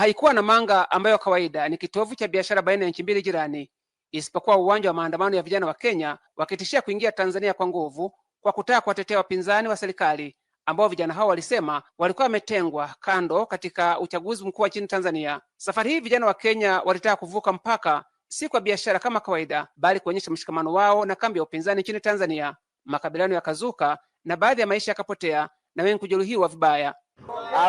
haikuwa na manga ambayo kawaida ni kitovu cha biashara baina ya nchi mbili jirani, isipokuwa uwanja wa maandamano ya vijana wa Kenya wakitishia kuingia Tanzania kwa nguvu kwa kutaka kuwatetea wapinzani wa serikali ambao vijana hao walisema walikuwa wametengwa kando katika uchaguzi mkuu wa chini Tanzania. Safari hii vijana wa Kenya walitaka kuvuka mpaka, si kwa biashara kama kawaida, bali kuonyesha mshikamano wao na kambi ya upinzani nchini Tanzania. Makabiliano yakazuka na baadhi ya maisha yakapotea na wengi kujeruhiwa vibaya.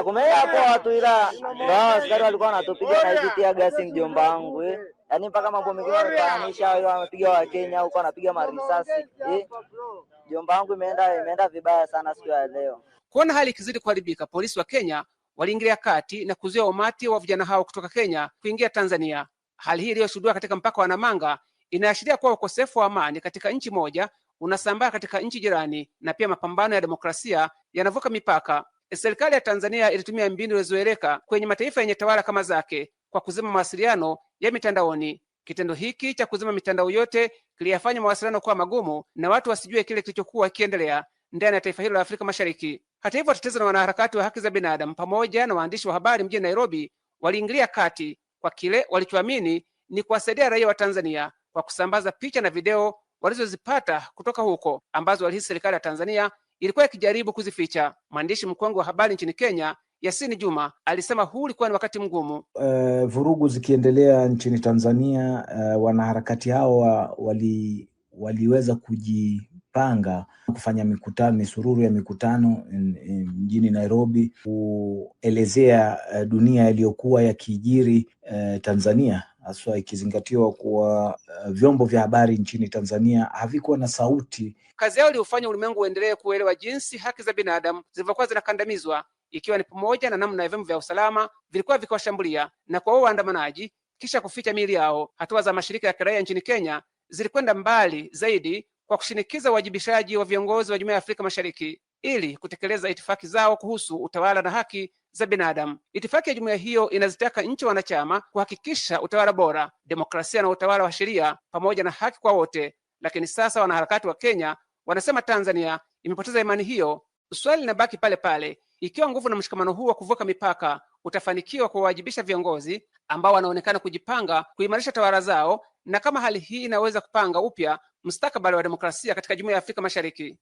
Kumea hapo watu ila ndio askari walikuwa wanatupiga na hizi tia gasi, mjomba wangu eh, yaani mpaka mambo mengine wanafananisha, wao wanapiga wa Kenya huko wanapiga marisasi eh, mjomba wangu, imeenda imeenda vibaya sana siku ya leo. Kuona hali ikizidi kuharibika, polisi wa Kenya waliingilia kati na kuzuia umati wa vijana hao kutoka Kenya kuingia Tanzania. Hali hii iliyoshuhudiwa katika mpaka wa Namanga inaashiria kuwa ukosefu wa amani katika nchi moja unasambaa katika nchi jirani, na pia mapambano ya demokrasia yanavuka mipaka. Serikali ya Tanzania ilitumia mbinu ilizoeleka kwenye mataifa yenye tawala kama zake kwa kuzima mawasiliano ya mitandaoni. Kitendo hiki cha kuzima mitandao yote kiliyafanya mawasiliano kuwa magumu na watu wasijue kile kilichokuwa kikiendelea ndani ya taifa hilo la Afrika Mashariki. Hata hivyo, watetezi na wanaharakati wa haki za binadamu pamoja na waandishi wa habari mjini Nairobi waliingilia kati kwa kile walichoamini ni kuwasaidia raia wa Tanzania kwa kusambaza picha na video walizozipata kutoka huko ambazo walihisi serikali ya Tanzania ilikuwa ikijaribu kuzificha. Mwandishi mkongwe wa habari nchini Kenya Yasini Juma alisema huu ulikuwa ni wakati mgumu. Uh, vurugu zikiendelea nchini Tanzania, uh, wanaharakati hawa wali, waliweza kujipanga kufanya mikutano, misururu ya mikutano mjini Nairobi kuelezea eh, dunia yaliyokuwa yakijiri uh, Tanzania haswa ikizingatiwa kuwa uh, vyombo vya habari nchini Tanzania havikuwa na sauti. Kazi yao iliyofanya ulimwengu uendelee kuelewa jinsi haki za binadamu zilivyokuwa zinakandamizwa, ikiwa ni pamoja na namna ya vyombo vya usalama vilikuwa vikiwashambulia na kwa kuwaua waandamanaji kisha kuficha miili yao. Hatua za mashirika ya kiraia nchini Kenya zilikwenda mbali zaidi kwa kushinikiza uwajibishaji wa viongozi wa Jumuiya ya Afrika Mashariki ili kutekeleza itifaki zao kuhusu utawala na haki za binadamu. Itifaki ya jumuiya hiyo inazitaka nchi wanachama kuhakikisha utawala bora, demokrasia na utawala wa sheria pamoja na haki kwa wote. Lakini sasa wanaharakati wa Kenya wanasema Tanzania imepoteza imani hiyo. Swali linabaki pale pale, ikiwa nguvu na mshikamano huu wa kuvuka mipaka utafanikiwa kuwawajibisha viongozi ambao wanaonekana kujipanga kuimarisha tawala zao na kama hali hii inaweza kupanga upya mustakabali wa demokrasia katika jumuiya ya Afrika Mashariki.